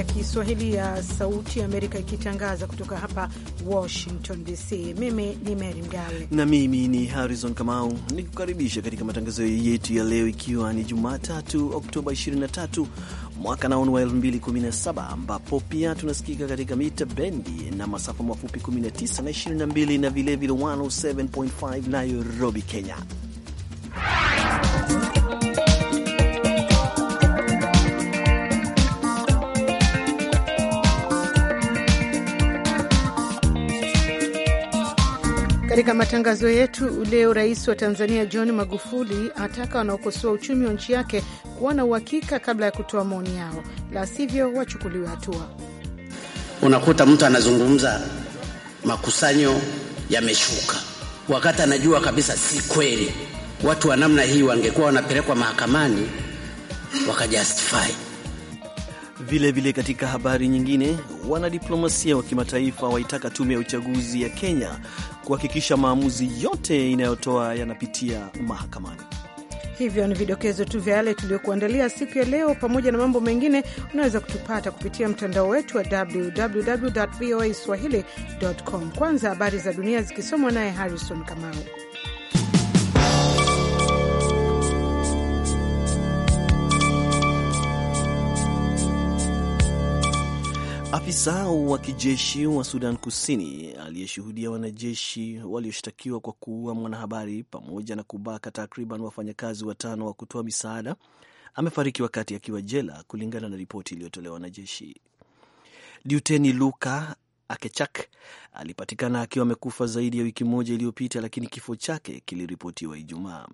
ya Kiswahili ya Sauti ya Amerika ikitangaza kutoka hapa Washington DC. Mimi ni Mary Mgawe na mimi ni Harrison Kamau, nikukaribisha katika matangazo yetu ya leo, ikiwa ni Jumatatu Oktoba 23 mwaka naon wa 2017, ambapo pia tunasikika katika mita bendi na masafa mafupi 19 na 22 na vilevile 107.5 Nairobi, Kenya. Katika matangazo yetu leo, rais wa Tanzania John Magufuli ataka wanaokosoa uchumi wa nchi yake kuwa na uhakika kabla ya kutoa maoni yao, la sivyo wachukuliwe hatua. Unakuta mtu anazungumza makusanyo yameshuka, wakati anajua kabisa si kweli. Watu wa namna hii wangekuwa wanapelekwa mahakamani wakajustify. Vilevile vile katika habari nyingine, wanadiplomasia wa kimataifa waitaka tume ya uchaguzi ya Kenya kuhakikisha maamuzi yote inayotoa yanapitia mahakamani. Hivyo ni vidokezo tu vya yale tuliyokuandalia siku ya leo. Pamoja na mambo mengine, unaweza kutupata kupitia mtandao wetu wa www voa swahili com. Kwanza habari za dunia zikisomwa naye Harrison Kamau. Afisa wa kijeshi wa Sudan Kusini aliyeshuhudia wanajeshi walioshtakiwa kwa kuua mwanahabari pamoja na kubaka takriban wafanyakazi watano wa kutoa misaada amefariki wakati akiwa jela, kulingana na ripoti iliyotolewa na jeshi. Luteni Luka Akechak alipatikana akiwa amekufa zaidi ya wiki moja iliyopita, lakini kifo chake kiliripotiwa Ijumaa.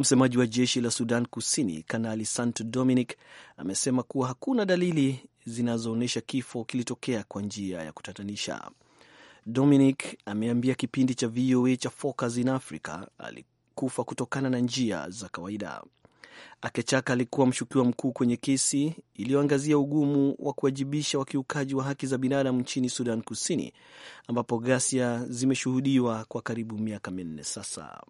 Msemaji wa jeshi la Sudan Kusini, Kanali santo Dominic, amesema kuwa hakuna dalili zinazoonyesha kifo kilitokea kwa njia ya kutatanisha. Dominic ameambia kipindi cha VOA cha Focus in Africa alikufa kutokana na njia za kawaida. akechaka alikuwa mshukiwa mkuu kwenye kesi iliyoangazia ugumu wa kuwajibisha wakiukaji wa haki za binadamu nchini Sudan Kusini, ambapo ghasia zimeshuhudiwa kwa karibu miaka minne sasa.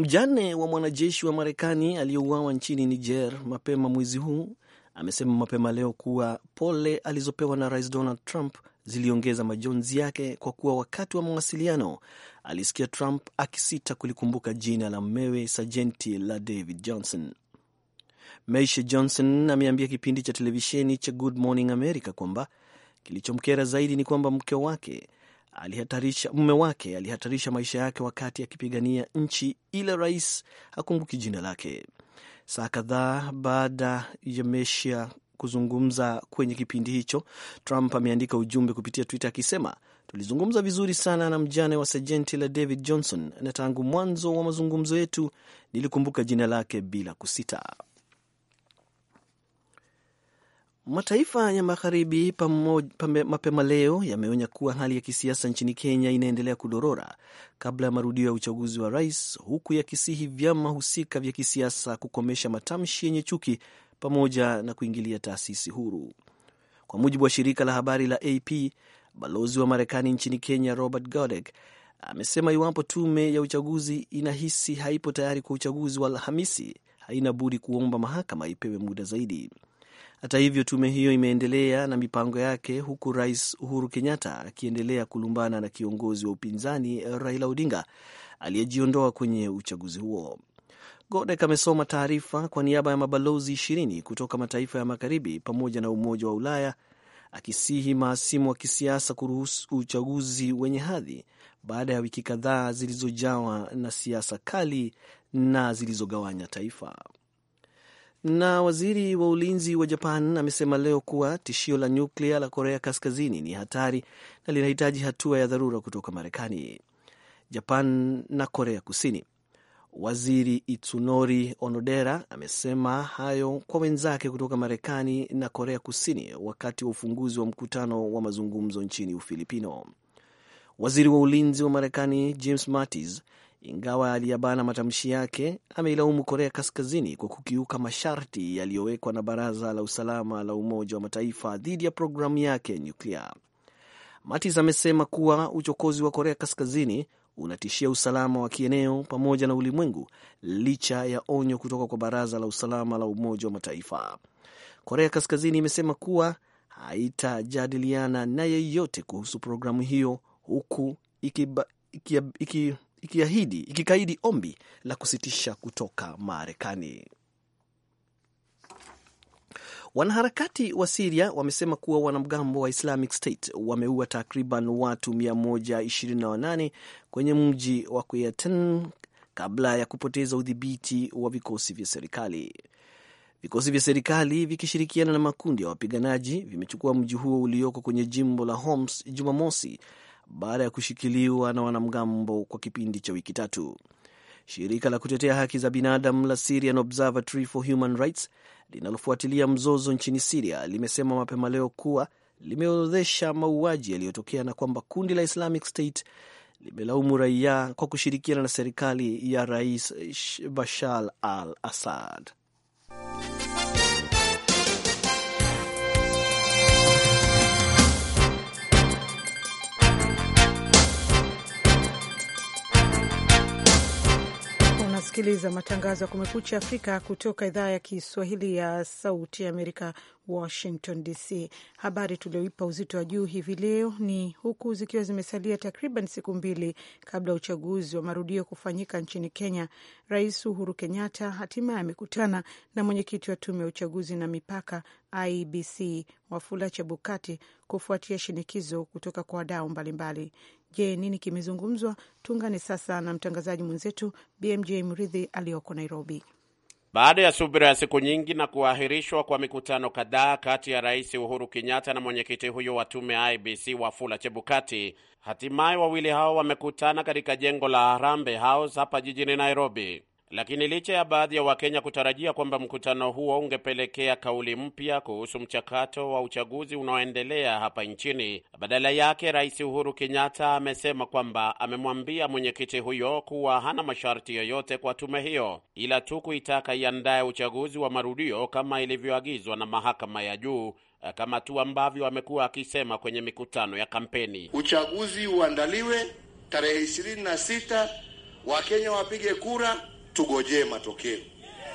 Mjane wa mwanajeshi wa Marekani aliyeuawa nchini Niger mapema mwezi huu amesema mapema leo kuwa pole alizopewa na Rais Donald Trump ziliongeza majonzi yake kwa kuwa wakati wa mawasiliano alisikia Trump akisita kulikumbuka jina la mmewe sajenti la David Johnson. Maisha Johnson ameambia kipindi cha televisheni cha Good Morning America kwamba kilichomkera zaidi ni kwamba mke wake alihatarisha mume wake alihatarisha maisha yake wakati akipigania ya nchi ile rais hakumbuki jina lake. Saa kadhaa baada ya Meshia kuzungumza kwenye kipindi hicho, Trump ameandika ujumbe kupitia Twitter akisema tulizungumza vizuri sana na mjane wa sajenti la David Johnson, na tangu mwanzo wa mazungumzo yetu nilikumbuka jina lake bila kusita. Mataifa ya magharibi mapema leo yameonya kuwa hali ya kisiasa nchini Kenya inaendelea kudorora kabla ya marudio ya uchaguzi wa rais, huku yakisihi vyama husika vya kisiasa kukomesha matamshi yenye chuki pamoja na kuingilia taasisi huru. Kwa mujibu wa shirika la habari la AP, balozi wa Marekani nchini Kenya Robert Godek amesema iwapo tume ya uchaguzi inahisi haipo tayari kwa uchaguzi wa Alhamisi, haina budi kuomba mahakama ipewe muda zaidi. Hata hivyo, tume hiyo imeendelea na mipango yake huku Rais Uhuru Kenyatta akiendelea kulumbana na kiongozi wa upinzani Raila Odinga aliyejiondoa kwenye uchaguzi huo. Godek amesoma taarifa kwa niaba ya mabalozi ishirini kutoka mataifa ya magharibi pamoja na Umoja wa Ulaya akisihi maasimu wa kisiasa kuruhusu uchaguzi wenye hadhi baada ya wiki kadhaa zilizojawa na siasa kali na zilizogawanya taifa. Na waziri wa ulinzi wa Japan amesema leo kuwa tishio la nyuklia la Korea Kaskazini ni hatari na linahitaji hatua ya dharura kutoka Marekani, Japan na Korea Kusini. Waziri Itsunori Onodera amesema hayo kwa wenzake kutoka Marekani na Korea Kusini wakati wa ufunguzi wa mkutano wa mazungumzo nchini Ufilipino. Waziri wa ulinzi wa Marekani James Mattis ingawa aliyabana matamshi yake, ameilaumu Korea Kaskazini kwa kukiuka masharti yaliyowekwa na Baraza la Usalama la Umoja wa Mataifa dhidi ya programu yake ya nyuklia. Mattis amesema kuwa uchokozi wa Korea Kaskazini unatishia usalama wa kieneo pamoja na ulimwengu, licha ya onyo kutoka kwa Baraza la Usalama la Umoja wa Mataifa. Korea Kaskazini imesema kuwa haitajadiliana na yeyote kuhusu programu hiyo huku ikiba, iki, iki, ikiahidi ikikaidi ombi la kusitisha kutoka Marekani. Wanaharakati wa Siria wamesema kuwa wanamgambo wa Islamic State wameua takriban watu 128 kwenye mji wa Kuyaten kabla ya kupoteza udhibiti wa vikosi vya serikali. Vikosi vya serikali vikishirikiana na makundi ya wapiganaji vimechukua mji huo ulioko kwenye jimbo la Homs Jumamosi baada ya kushikiliwa na wanamgambo kwa kipindi cha wiki tatu. Shirika la kutetea haki za binadamu la Syrian Observatory for Human Rights linalofuatilia mzozo nchini Siria limesema mapema leo kuwa limeorodhesha mauaji yaliyotokea na kwamba kundi la Islamic State limelaumu raia kwa kushirikiana na serikali ya Rais Bashar al Assad. unasikiliza matangazo ya Kumekucha Afrika kutoka idhaa ya Kiswahili ya Sauti ya Amerika, Washington DC. Habari tulioipa uzito wa juu hivi leo ni huku zikiwa zimesalia takriban siku mbili kabla ya uchaguzi wa marudio kufanyika nchini Kenya, Rais Uhuru Kenyatta hatimaye amekutana na mwenyekiti wa tume ya uchaguzi na mipaka IBC Wafula Chebukati kufuatia shinikizo kutoka kwa wadau mbalimbali. Je, nini kimezungumzwa? Tuungane sasa na mtangazaji mwenzetu BMJ Mridhi aliyoko Nairobi. Baada ya subira ya siku nyingi na kuahirishwa kwa mikutano kadhaa kati ya Rais Uhuru Kenyatta na mwenyekiti huyo wa tume IBC Wafula Chebukati, hatimaye wawili hao wamekutana katika jengo la Harambee House hapa jijini Nairobi. Lakini licha ya baadhi ya Wakenya kutarajia kwamba mkutano huo ungepelekea kauli mpya kuhusu mchakato wa uchaguzi unaoendelea hapa nchini, badala yake Rais Uhuru Kenyatta amesema kwamba amemwambia mwenyekiti huyo kuwa hana masharti yoyote kwa tume hiyo, ila tu kuitaka iandaye uchaguzi wa marudio kama ilivyoagizwa na mahakama ya juu, kama tu ambavyo amekuwa akisema kwenye mikutano ya kampeni. Uchaguzi uandaliwe tarehe ishirini na sita, Wakenya wapige kura tugojee matokeo.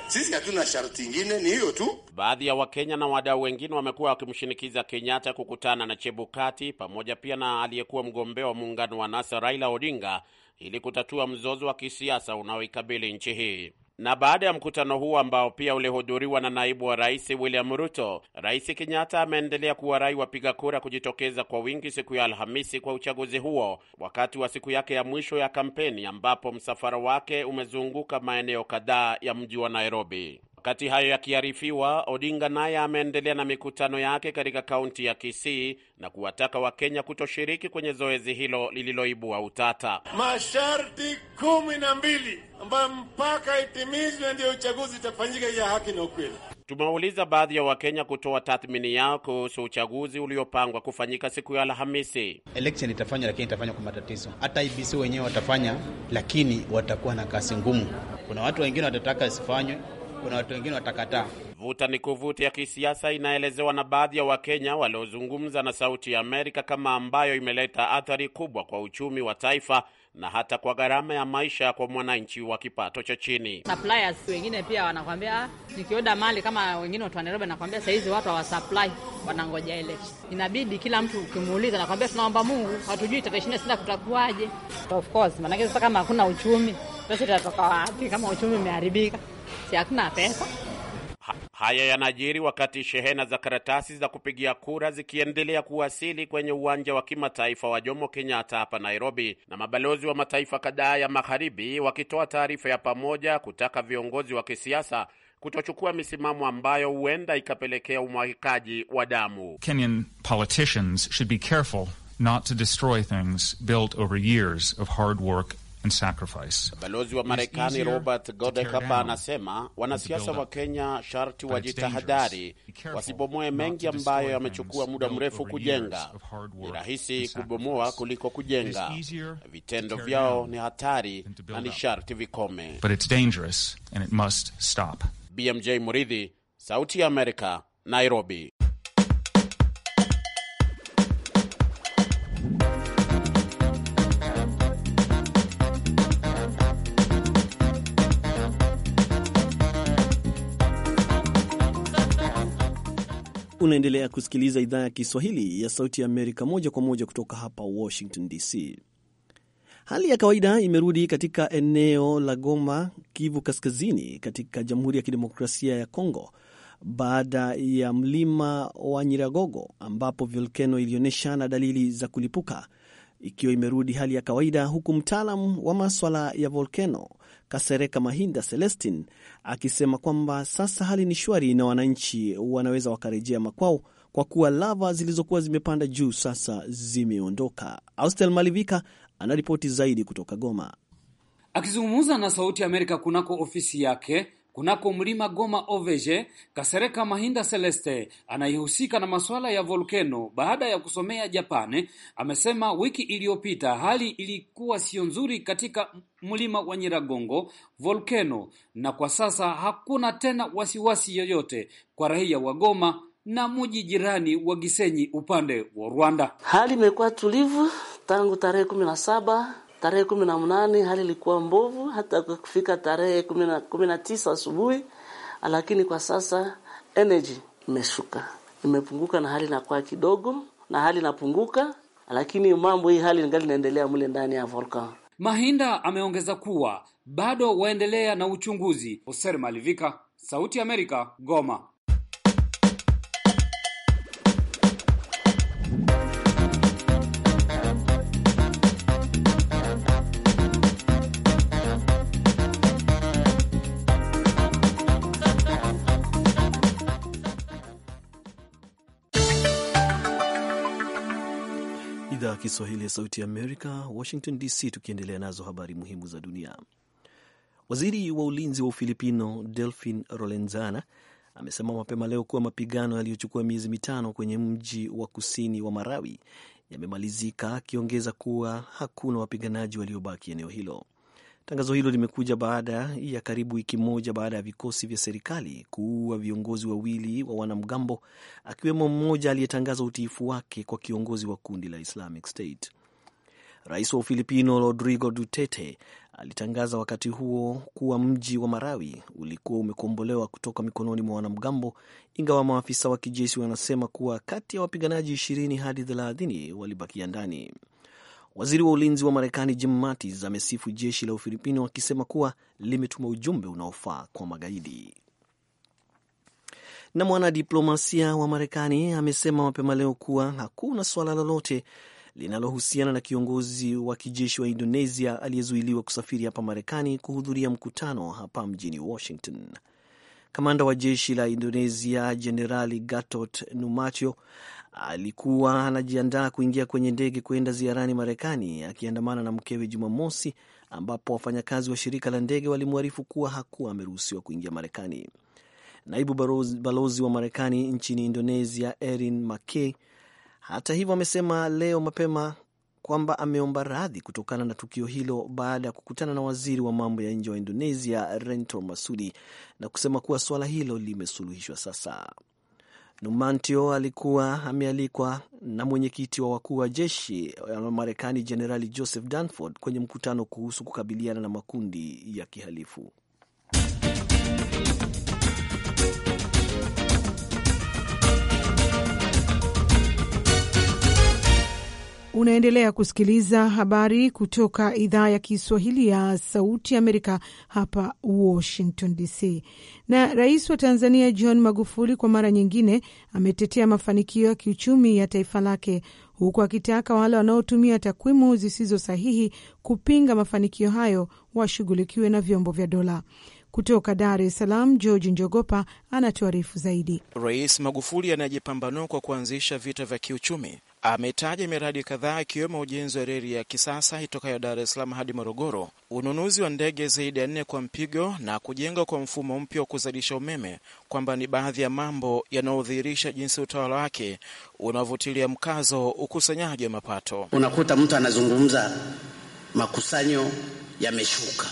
Sisi hatuna sharti ingine, ni hiyo tu. Baadhi ya Wakenya na wadau wengine wamekuwa wakimshinikiza Kenyatta kukutana na Chebukati pamoja pia na aliyekuwa mgombea wa muungano wa NASA Raila Odinga ili kutatua mzozo wa kisiasa unaoikabili nchi hii. Na baada ya mkutano huo ambao pia ulihudhuriwa na naibu wa rais William Ruto, Rais Kenyatta ameendelea kuwarai wapiga kura kujitokeza kwa wingi siku ya Alhamisi kwa uchaguzi huo, wakati wa siku yake ya mwisho ya kampeni ambapo msafara wake umezunguka maeneo kadhaa ya mji wa Nairobi. Wakati hayo yakiarifiwa, Odinga naye ameendelea na mikutano yake katika kaunti ya Kisii na kuwataka Wakenya kutoshiriki kwenye zoezi hilo lililoibua utata. Masharti kumi na mbili ambayo mpaka itimizwe ndiyo uchaguzi itafanyika ya haki na ukweli. Tumewauliza baadhi ya Wakenya kutoa tathmini yao kuhusu uchaguzi uliopangwa kufanyika siku ya Alhamisi. Election itafanywa lakini itafanywa kwa matatizo. Hata IBC wenyewe watafanya, lakini watakuwa na kasi ngumu. Kuna watu wengine watataka isifanywe kuna watu wengine watakataa. Vuta ni kuvuti ya kisiasa inaelezewa na baadhi ya Wakenya waliozungumza na Sauti ya Amerika kama ambayo imeleta athari kubwa kwa uchumi wa taifa na hata kwa gharama ya maisha kwa mwananchi wa kipato cha chini. Suppliers wengine pia wanakwambia nikioda mali kama wengine watu wa Nairobi, nakwambia sahizi watu hawasupply, wanangoja ile. Inabidi kila mtu ukimuuliza, nakwambia tunaomba Mungu, hatujui tarehe ishirini na sita kutakuwaje. Of course, maanake sasa kama hakuna uchumi, pesa itatoka wapi kama uchumi umeharibika? hakuna pesa. Ha, haya yanajiri wakati shehena za karatasi za kupigia kura zikiendelea kuwasili kwenye uwanja wa kimataifa wa Jomo Kenyatta hapa Nairobi, na mabalozi wa mataifa kadhaa ya magharibi wakitoa taarifa ya pamoja kutaka viongozi wa kisiasa kutochukua misimamo ambayo huenda ikapelekea umwagikaji wa damu. Kenyan politicians should be careful not to destroy things built over years of hard work and sacrifice. Balozi wa Marekani Robert Godek hapa anasema wanasiasa wa Kenya sharti wajitahadari, wasibomoe mengi ambayo yamechukua muda mrefu kujenga. Ni rahisi kubomoa kuliko kujenga. Vitendo vyao ni hatari na ni sharti vikome. But it's dangerous and it must stop. BMJ Muridhi, Sauti ya Amerika, Nairobi. Unaendelea kusikiliza idhaa ya Kiswahili ya Sauti ya Amerika moja kwa moja kutoka hapa Washington DC. Hali ya kawaida imerudi katika eneo la Goma, Kivu Kaskazini, katika Jamhuri ya Kidemokrasia ya Kongo baada ya mlima wa Nyiragogo ambapo volkeno ilionyeshana dalili za kulipuka ikiwa imerudi hali ya kawaida, huku mtaalam wa maswala ya volkeno Kasereka Mahinda Celestin akisema kwamba sasa hali ni shwari na wananchi wanaweza wakarejea makwao kwa kuwa lava zilizokuwa zimepanda juu sasa zimeondoka. Austel Malivika anaripoti zaidi kutoka Goma. Akizungumza na Sauti ya Amerika kunako ofisi yake, Kunako mlima Goma Ovege, Kasereka Mahinda Celeste anayehusika na masuala ya volkeno baada ya kusomea Japani amesema wiki iliyopita hali ilikuwa sio nzuri katika mlima wa Nyiragongo volkeno, na kwa sasa hakuna tena wasiwasi yoyote kwa raia wa Goma na muji jirani wa Gisenyi upande wa Rwanda. Hali imekuwa tulivu tangu tarehe kumi na saba Tarehe kumi na mnane hali ilikuwa mbovu hata kufika tarehe kumi na tisa asubuhi, lakini kwa sasa energy imeshuka, imepunguka na hali inakuwa kidogo na hali inapunguka, lakini mambo hii hali ingali inaendelea mule ndani ya volcan. Mahinda ameongeza kuwa bado waendelea na uchunguzi. Hoser Malivika, Sauti ya Amerika, Goma. Kiswahili ya Sauti ya Amerika, Washington DC, tukiendelea nazo habari muhimu za dunia. Waziri wa ulinzi wa Ufilipino Delfin Rolenzana amesema mapema leo kuwa mapigano yaliyochukua miezi mitano kwenye mji wa kusini wa Marawi yamemalizika, akiongeza kuwa hakuna wapiganaji waliobaki eneo hilo. Tangazo hilo limekuja baada ya karibu wiki moja baada ya vikosi vya serikali kuua viongozi wawili wa wanamgambo, akiwemo mmoja aliyetangaza utiifu wake kwa kiongozi wa kundi la Islamic State. Rais wa Ufilipino Rodrigo Duterte alitangaza wakati huo kuwa mji wa Marawi ulikuwa umekombolewa kutoka mikononi mwa wanamgambo, ingawa maafisa wa kijeshi wanasema kuwa kati ya wapiganaji ishirini hadi thelathini walibakia ndani. Waziri wa ulinzi wa Marekani Jim Mattis amesifu jeshi la Ufilipino akisema kuwa limetuma ujumbe unaofaa kwa magaidi. Na mwanadiplomasia wa Marekani amesema mapema leo kuwa hakuna suala lolote linalohusiana na kiongozi wa kijeshi wa Indonesia aliyezuiliwa kusafiri hapa Marekani kuhudhuria mkutano hapa mjini Washington. Kamanda wa jeshi la Indonesia Jenerali Gatot Numacio alikuwa anajiandaa kuingia kwenye ndege kwenda ziarani Marekani akiandamana na mkewe Jumamosi, ambapo wafanyakazi wa shirika la ndege walimwarifu kuwa hakuwa ameruhusiwa kuingia Marekani. Naibu balozi wa Marekani nchini Indonesia Erin McKay hata hivyo amesema leo mapema kwamba ameomba radhi kutokana na tukio hilo baada ya kukutana na waziri wa mambo ya nje wa Indonesia rento masudi na kusema kuwa suala hilo limesuluhishwa sasa. Numantio alikuwa amealikwa na mwenyekiti wa wakuu wa jeshi wa Marekani Jenerali Joseph Dunford kwenye mkutano kuhusu kukabiliana na makundi ya kihalifu. Unaendelea kusikiliza habari kutoka idhaa ya Kiswahili ya Sauti Amerika hapa Washington DC. Na rais wa Tanzania John Magufuli kwa mara nyingine ametetea mafanikio ya kiuchumi ya taifa lake huku akitaka wale wanaotumia takwimu zisizo sahihi kupinga mafanikio hayo washughulikiwe na vyombo vya dola. Kutoka Dar es Salaam, George Njogopa anatuarifu zaidi. Rais Magufuli anajipambanua kwa kuanzisha vita vya kiuchumi ametaja miradi kadhaa ikiwemo ujenzi wa reli ya kisasa itokayo Dar es Salaam hadi Morogoro, ununuzi wa ndege zaidi ya nne kwa mpigo na kujenga kwa mfumo mpya wa kuzalisha umeme, kwamba ni baadhi ya mambo yanayodhihirisha jinsi utawala wake unaovutilia mkazo ukusanyaji wa mapato. Unakuta mtu anazungumza makusanyo yameshuka,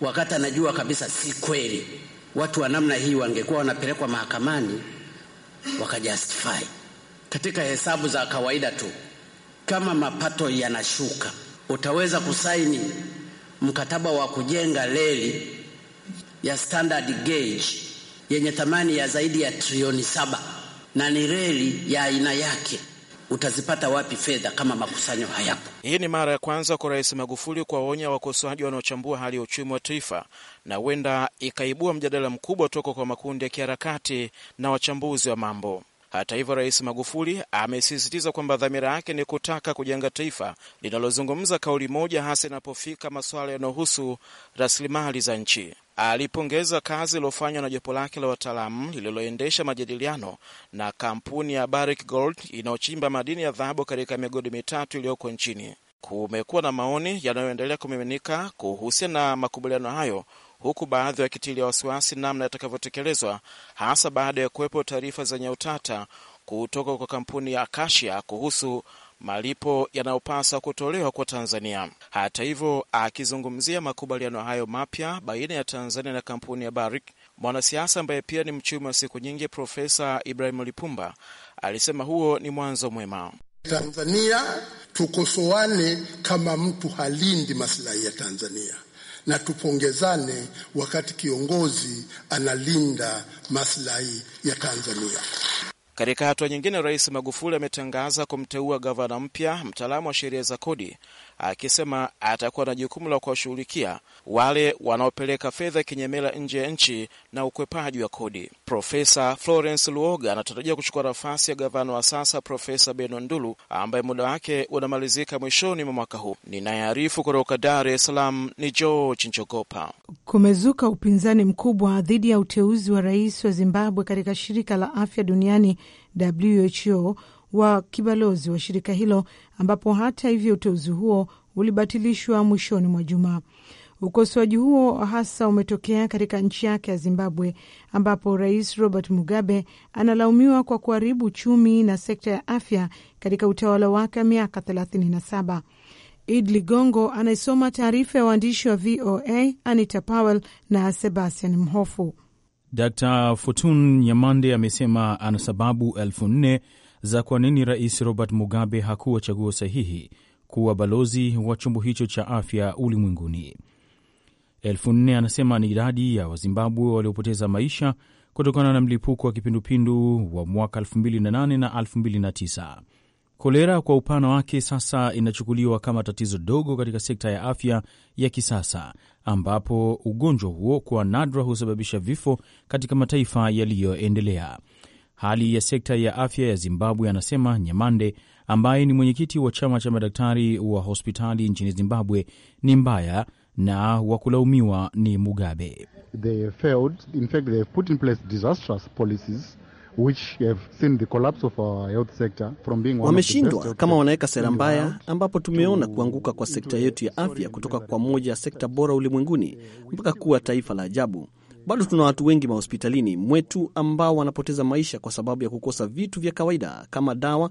wakati anajua kabisa si kweli. Watu wa namna hii wangekuwa wanapelekwa mahakamani wakajustify katika hesabu za kawaida tu, kama mapato yanashuka, utaweza kusaini mkataba wa kujenga reli ya standard gauge yenye thamani ya zaidi ya trilioni saba na ni reli ya aina yake. Utazipata wapi fedha kama makusanyo hayapo? Hii ni mara ya kwanza kwa Rais Magufuli kuwaonya wakosoaji wanaochambua hali ya uchumi wa taifa, na huenda ikaibua mjadala mkubwa toka kwa makundi ya kiharakati na wachambuzi wa mambo. Hata hivyo, Rais Magufuli amesisitiza kwamba dhamira yake ni kutaka kujenga taifa linalozungumza kauli moja, hasa inapofika masuala yanayohusu rasilimali za nchi. Alipongeza kazi iliyofanywa na jopo lake la wataalamu lililoendesha majadiliano na kampuni ya Barrick Gold inayochimba madini ya dhahabu katika migodi mitatu iliyoko nchini. Kumekuwa na maoni yanayoendelea kumiminika kuhusiana na makubaliano hayo huku baadhi wakitilia wasiwasi namna yatakavyotekelezwa, hasa baada ya kuwepo taarifa zenye utata kutoka kwa kampuni ya Akasia kuhusu malipo yanayopaswa kutolewa kwa Tanzania. Hata hivyo, akizungumzia makubaliano hayo mapya baina ya Tanzania na kampuni ya Barrick, mwanasiasa ambaye pia ni mchumi wa siku nyingi, Profesa Ibrahimu Lipumba alisema huo ni mwanzo mwema. Tanzania tukosoane, kama mtu halindi masilahi ya Tanzania na tupongezane wakati kiongozi analinda maslahi ya Tanzania. Katika hatua nyingine, Rais Magufuli ametangaza kumteua gavana mpya mtaalamu wa sheria za kodi akisema atakuwa na jukumu la kuwashughulikia wale wanaopeleka fedha kinyemela nje ya nchi na ukwepaji wa kodi. Profesa Florence Luoga anatarajia kuchukua nafasi ya gavana wa sasa Profesa Beno Ndulu ambaye muda wake unamalizika mwishoni mwa mwaka huu. Ninayearifu kutoka Dar es Salaam ni George Njogopa. Kumezuka upinzani mkubwa dhidi ya uteuzi wa rais wa Zimbabwe katika shirika la afya duniani WHO wa kibalozi wa shirika hilo, ambapo hata hivyo uteuzi huo ulibatilishwa mwishoni mwa juma. Ukosoaji huo hasa umetokea katika nchi yake ya Zimbabwe, ambapo Rais Robert Mugabe analaumiwa kwa kuharibu uchumi na sekta ya afya katika utawala wake wa miaka 37. Id Ligongo anaisoma taarifa ya waandishi wa VOA Anita Powell na Sebastian Mhofu. Dr Fortun Nyamande amesema ana sababu elfu nne za kwa nini Rais Robert Mugabe hakuwa chaguo sahihi kuwa balozi wa chombo hicho cha afya ulimwenguni. Elfu nne anasema ni idadi ya Wazimbabwe waliopoteza maisha kutokana na mlipuko wa kipindupindu wa mwaka 2008 na 2009. Kolera kwa upana wake sasa inachukuliwa kama tatizo dogo katika sekta ya afya ya kisasa, ambapo ugonjwa huo kwa nadra husababisha vifo katika mataifa yaliyoendelea hali ya sekta ya afya ya Zimbabwe, anasema Nyamande ambaye ni mwenyekiti wa chama cha madaktari wa hospitali nchini Zimbabwe ni mbaya na wa kulaumiwa ni Mugabe. Wameshindwa kama wanaweka sera mbaya, ambapo tumeona kuanguka kwa sekta yetu ya afya kutoka kwa moja ya sekta bora ulimwenguni mpaka kuwa taifa la ajabu. Bado tuna watu wengi mahospitalini mwetu ambao wanapoteza maisha kwa sababu ya kukosa vitu vya kawaida kama dawa,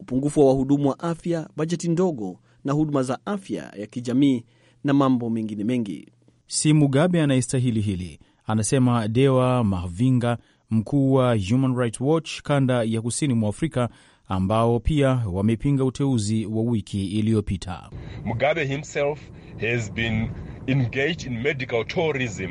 upungufu wa wahudumu wa afya, bajeti ndogo na huduma za afya ya kijamii na mambo mengine mengi. Si Mugabe anayestahili hili, anasema Dewa Mavinga, mkuu wa Human Rights Watch kanda ya kusini mwa Afrika, ambao pia wamepinga uteuzi wa wiki iliyopita. Mugabe himself has been engaged in medical tourism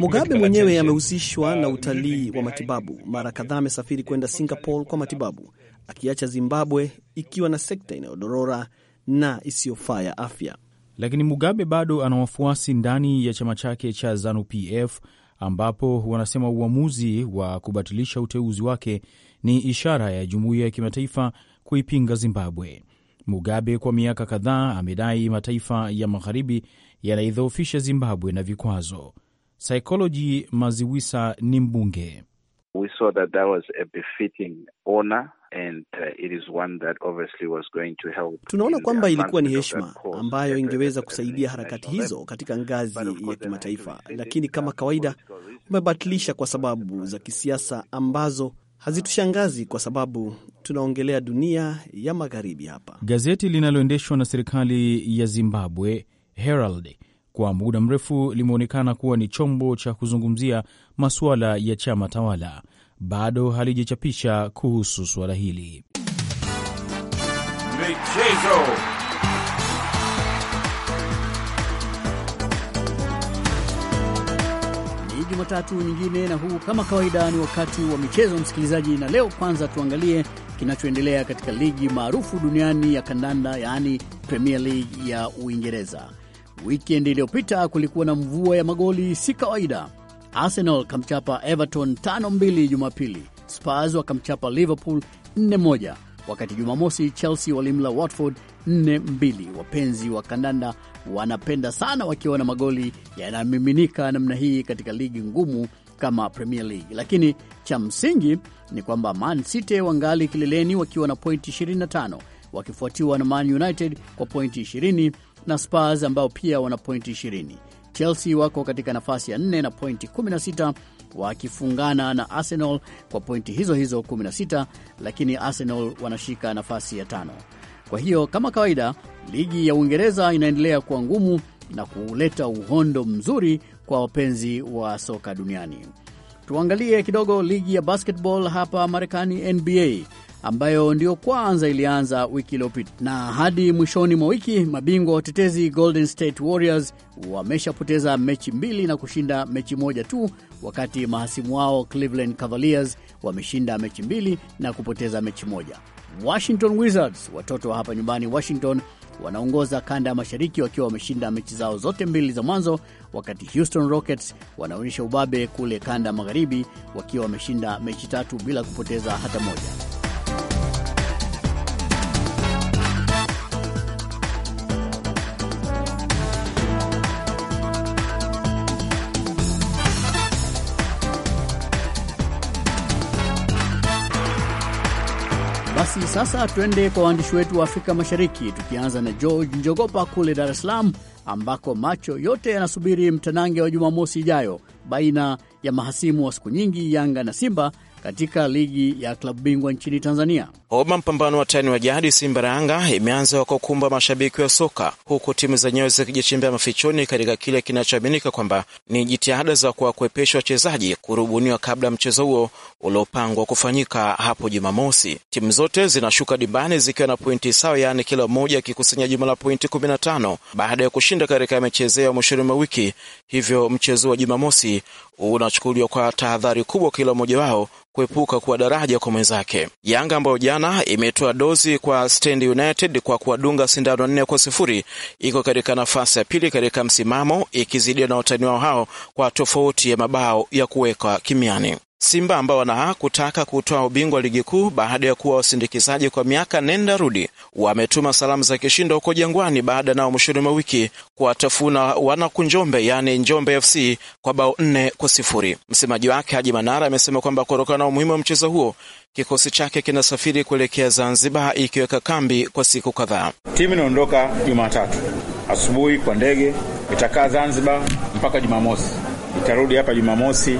Mugabe mwenyewe amehusishwa na uh, utalii wa matibabu. Mara kadhaa amesafiri kwenda Singapore kwa matibabu, akiacha Zimbabwe ikiwa na sekta inayodorora na isiyofaa ya afya. Lakini Mugabe bado ana wafuasi ndani ya chama chake cha Zanu PF, ambapo wanasema uamuzi wa kubatilisha uteuzi wake ni ishara ya jumuiya ya kimataifa kuipinga Zimbabwe. Mugabe kwa miaka kadhaa amedai mataifa ya magharibi yanaidhoofisha Zimbabwe na vikwazo. Psychology Maziwisa ni mbunge Tunaona kwamba ilikuwa ni heshima ambayo ingeweza kusaidia harakati hizo katika ngazi ya kimataifa, lakini kama kawaida umebatilisha kwa sababu za kisiasa ambazo hazitushangazi kwa sababu tunaongelea dunia ya magharibi hapa. Gazeti linaloendeshwa na serikali ya Zimbabwe Herald kwa muda mrefu limeonekana kuwa ni chombo cha kuzungumzia masuala ya chama tawala, bado halijachapisha kuhusu suala hili. Michezo. Ni Jumatatu nyingine na huu kama kawaida ni wakati wa michezo, msikilizaji, na leo kwanza tuangalie kinachoendelea katika ligi maarufu duniani ya kandanda, yaani Premier League ya Uingereza. Wikendi iliyopita kulikuwa na mvua ya magoli si kawaida. Arsenal kamchapa Everton 5-2 Jumapili, Spurs wakamchapa Liverpool 4-1, wakati Jumamosi Chelsea walimla Watford 4-2. Wapenzi wa kandanda wanapenda sana wakiwa na magoli yanamiminika namna hii katika ligi ngumu kama Premier League. Lakini cha msingi ni kwamba Man City wangali kileleni wakiwa na pointi 25 wakifuatiwa na Man United kwa pointi 20 na Spurs ambao pia wana pointi 20. Chelsea wako katika nafasi ya 4 na pointi 16 wakifungana na Arsenal kwa pointi hizo hizo 16, lakini Arsenal wanashika nafasi ya tano. Kwa hiyo kama kawaida, ligi ya Uingereza inaendelea kuwa ngumu na kuleta uhondo mzuri kwa wapenzi wa soka duniani. Tuangalie kidogo ligi ya basketball hapa Marekani, NBA ambayo ndiyo kwanza ilianza wiki iliyopita, na hadi mwishoni mwa wiki mabingwa watetezi Golden State Warriors wameshapoteza mechi mbili na kushinda mechi moja tu, wakati mahasimu wao Cleveland Cavaliers wameshinda mechi mbili na kupoteza mechi moja. Washington Wizards, watoto wa hapa nyumbani Washington, wanaongoza kanda ya mashariki wakiwa wameshinda mechi zao zote mbili za mwanzo, wakati Houston Rockets wanaonyesha ubabe kule kanda magharibi wakiwa wameshinda mechi tatu bila kupoteza hata moja. Sasa twende kwa waandishi wetu wa Afrika Mashariki, tukianza na George Njogopa kule Dar es Salaam, ambako macho yote yanasubiri mtanange wa Jumamosi ijayo baina ya mahasimu wa siku nyingi Yanga na Simba katika ligi ya klabu bingwa nchini Tanzania. Homa mpambano wa tani wa jadi Simba na Yanga imeanza kukumba mashabiki wa soka huku timu zenyewe zikijichimbia mafichoni katika kile kinachoaminika kwamba ni jitihada za kuwakwepesha wachezaji kurubuniwa kabla mchezo huo uliopangwa kufanyika hapo Jumamosi. Timu zote zinashuka dimbani zikiwa na pointi sawa, yaani kila mmoja akikusanya jumla la pointi 15 baada ya kushinda katika michezo ya mwishoni mwa wiki. Hivyo mchezo wa Jumamosi unachukuliwa kwa tahadhari kubwa, kila mmoja wao kuepuka kuwa daraja kwa mwenzake. Yanga ambayo jana imetoa dozi kwa Stand United kwa kuwadunga sindano nne kwa sifuri. Iko katika nafasi ya pili katika msimamo ikizidiwa na watani wao hao kwa tofauti ya mabao ya kuweka kimiani. Simba ambao wana kutaka kutoa ubingwa ligi kuu baada ya kuwa wasindikizaji kwa miaka nenda rudi, wametuma salamu za kishindo huko Jangwani baada nao mwishoni mwa wiki kuwatafuna wanakunjombe yaani Njombe FC kwa bao nne kwa sifuri. Msemaji wake Haji Manara amesema kwamba kutokana na umuhimu wa mchezo huo kikosi chake kinasafiri kuelekea Zanzibar ikiweka kambi kwa siku kadhaa. Timu inaondoka Jumatatu asubuhi kwa ndege, itakaa Zanzibar mpaka Jumamosi, itarudi hapa Jumamosi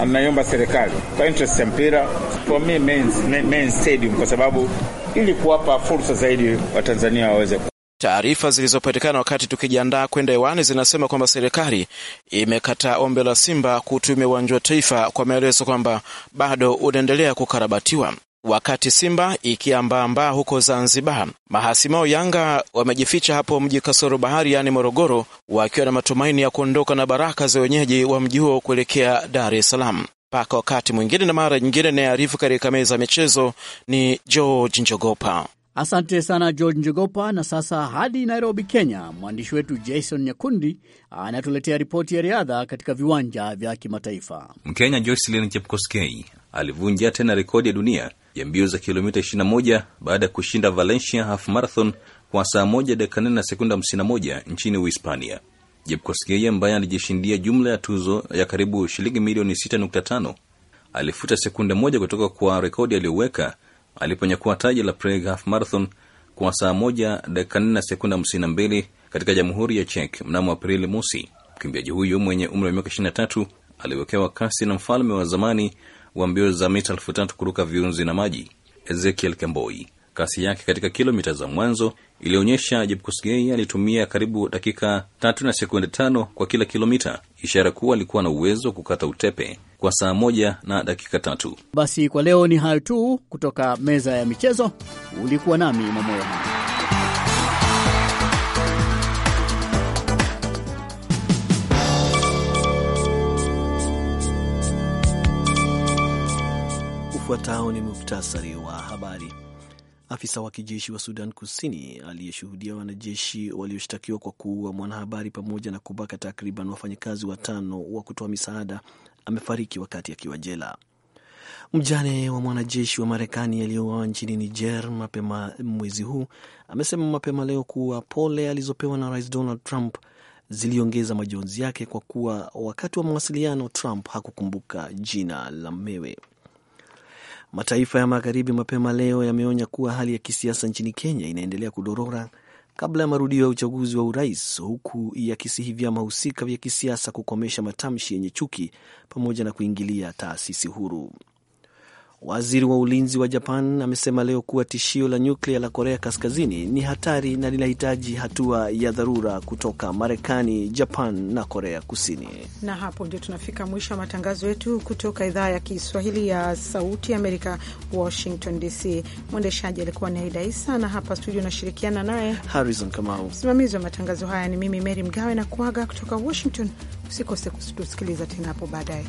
anaiomba serikali kwa interest ya mpira for me main, main stadium, kwa sababu ili kuwapa fursa zaidi Watanzania waweze Taarifa zilizopatikana wakati tukijiandaa kwenda hewani zinasema kwamba serikali imekataa ombi la Simba kutumia uwanja wa Taifa kwa maelezo kwamba bado unaendelea kukarabatiwa. Wakati Simba ikiambaambaa huko Zanzibar, mahasimao Yanga wamejificha hapo mji kasoro bahari, yaani Morogoro, wakiwa na matumaini ya kuondoka na baraka za wenyeji wa mji huo kuelekea Dar es Salaam. Mpaka wakati mwingine na mara nyingine, inayearifu katika meza ya michezo ni George Njogopa. Asante sana George Njogopa. Na sasa hadi Nairobi, Kenya, mwandishi wetu Jason Nyakundi anatuletea ripoti ya riadha katika viwanja vya kimataifa. Mkenya joselin Chepkoskei alivunja tena rekodi ya dunia ya mbio za kilomita 21 baada ya kushinda Valencia half marathon kwa saa moja dakika nne na sekunda moja nchini Uhispania. Jeb ambaye alijishindia jumla ya tuzo ya karibu shilingi milioni 6.5 alifuta sekunde moja kutoka kwa rekodi aliyoweka aliponyakua taji la Prague half marathon kwa saa moja dakika nne na sekunda mbili katika Jamhuri ya Czech mnamo Aprili mosi. Mkimbiaji huyu mwenye umri wa miaka 23 aliwekewa kasi na mfalme wa zamani wa mbio za mita elfu tatu kuruka viunzi na maji Ezekiel Kemboi. Kasi yake katika kilomita za mwanzo ilionyesha Jepkosgei alitumia karibu dakika tatu na sekunde tano kwa kila kilomita, ishara kuwa alikuwa na uwezo wa kukata utepe kwa saa moja na dakika tatu. Basi kwa leo ni hayo tu kutoka meza ya michezo. Ulikuwa nami Mamoyo. Ufuatao ni muhtasari wa habari. Afisa wa kijeshi wa Sudan Kusini aliyeshuhudia wanajeshi walioshtakiwa kwa kuua mwanahabari pamoja na kubaka takriban wafanyakazi watano wa kutoa misaada amefariki wakati akiwa jela. Mjane wa mwanajeshi wa Marekani aliyeuawa nchini Niger mapema mwezi huu amesema mapema leo kuwa pole alizopewa na Rais Donald Trump ziliongeza majonzi yake kwa kuwa wakati wa mawasiliano Trump hakukumbuka jina la mmewe. Mataifa ya magharibi mapema leo yameonya kuwa hali ya kisiasa nchini Kenya inaendelea kudorora kabla ya marudio ya uchaguzi wa urais, huku yakisihi vyama husika vya kisiasa kukomesha matamshi yenye chuki pamoja na kuingilia taasisi huru. Waziri wa ulinzi wa Japan amesema leo kuwa tishio la nyuklia la Korea Kaskazini ni hatari na linahitaji hatua ya dharura kutoka Marekani, Japan na Korea Kusini. Na hapo ndio tunafika mwisho wa matangazo yetu kutoka idhaa ya Kiswahili ya Sauti Amerika, Washington DC. Mwendeshaji alikuwa ni Aida Isa na hapa studio unashirikiana naye Harrison Kamau. Msimamizi wa matangazo haya ni mimi Meri Mgawe na kuaga kutoka Washington. Usikose kutusikiliza tena hapo baadaye.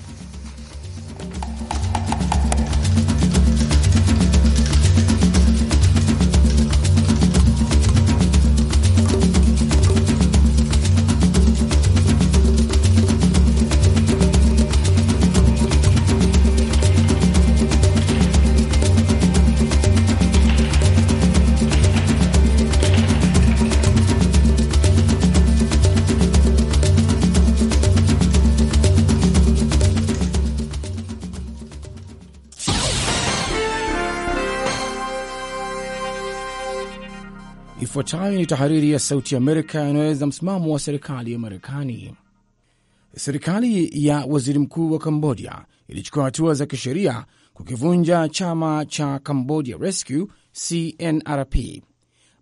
Ifuatayo ni tahariri ya Sauti ya Amerika inayoeleza msimamo wa serikali ya Marekani. Serikali ya waziri mkuu wa Kambodia ilichukua hatua za kisheria kukivunja chama cha Cambodia Rescue CNRP.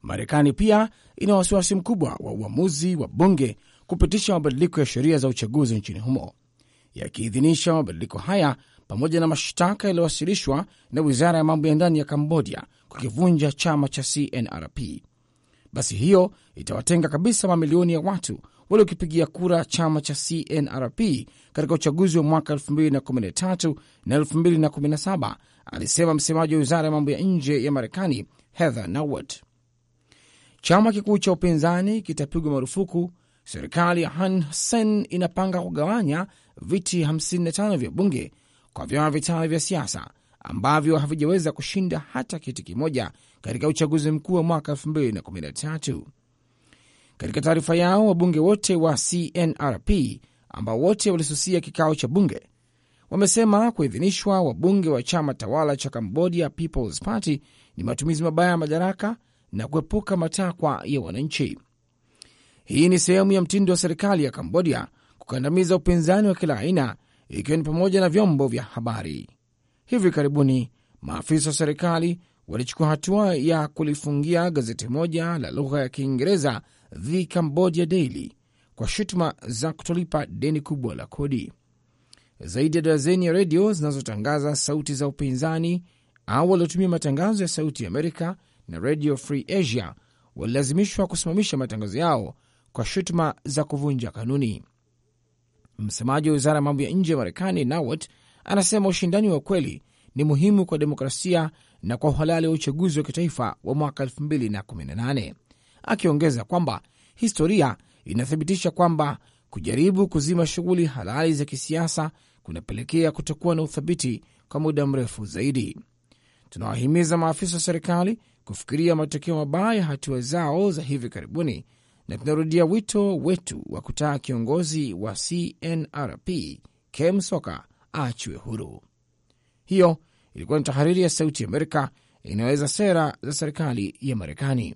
Marekani pia ina wasiwasi mkubwa wa uamuzi wa bunge kupitisha mabadiliko ya sheria za uchaguzi nchini humo. Yakiidhinisha mabadiliko haya, pamoja na mashtaka yaliyowasilishwa na wizara ya mambo ya ndani ya Kambodia kukivunja chama cha CNRP, basi hiyo itawatenga kabisa mamilioni ya watu waliokipigia kura chama cha CNRP katika uchaguzi wa mwaka 2013 na 2017, alisema msemaji wa wizara ya mambo ya nje ya Marekani Heather Nauert. Chama kikuu cha upinzani kitapigwa marufuku. Serikali ya Han Sen inapanga kugawanya viti 55 vya bunge kwa vyama vitano vya siasa ambavyo havijaweza kushinda hata kiti kimoja katika uchaguzi mkuu wa mwaka 2013. Katika taarifa yao, wabunge wote wa CNRP ambao wote walisusia kikao cha bunge wamesema kuidhinishwa wabunge wa chama tawala cha Cambodia People's Party ni matumizi mabaya ya madaraka na kuepuka matakwa ya wananchi. Hii ni sehemu ya mtindo wa serikali ya Cambodia kukandamiza upinzani wa kila aina, ikiwa ni pamoja na vyombo vya habari. Hivi karibuni maafisa wa serikali walichukua hatua ya kulifungia gazeti moja la lugha ya Kiingereza The Cambodia Daily kwa shutuma za kutolipa deni kubwa la kodi. Zaidi ya darazeni ya redio zinazotangaza sauti za upinzani au waliotumia matangazo ya Sauti ya Amerika na Radio Free Asia walilazimishwa kusimamisha matangazo yao kwa shutuma za kuvunja kanuni. Msemaji wa wizara ya mambo ya nje ya Marekani Nawat anasema ushindani wa kweli ni muhimu kwa demokrasia na kwa uhalali wa uchaguzi wa kitaifa wa mwaka 2018 akiongeza kwamba historia inathibitisha kwamba kujaribu kuzima shughuli halali za kisiasa kunapelekea kutokuwa na uthabiti kwa muda mrefu zaidi. Tunawahimiza maafisa wa serikali kufikiria matokeo mabaya ya hatua zao za hivi karibuni, na tunarudia wito wetu wa kutaka kiongozi wa CNRP Kem Sokha aachiwe huru. Hiyo ilikuwa ni tahariri ya Sauti Amerika inaweza sera za serikali ya Marekani.